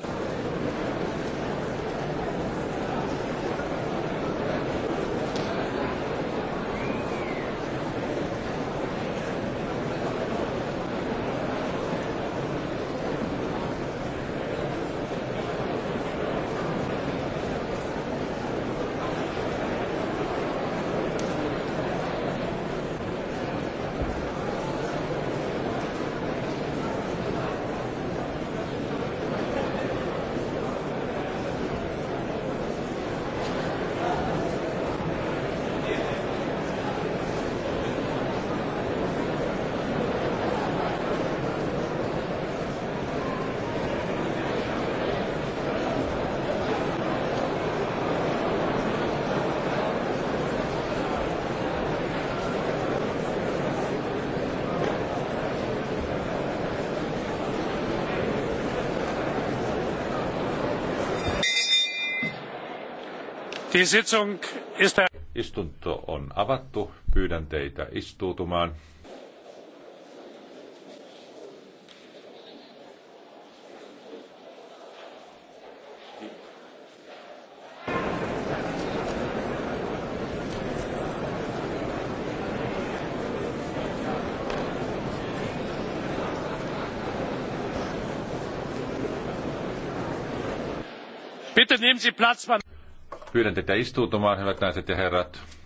for them. Er- Istunto on avattu. Pyydän teitä istuutumaan. Bitte nehmen Sie Platz. Pyydän teitä istuutumaan, hyvät naiset ja herrat.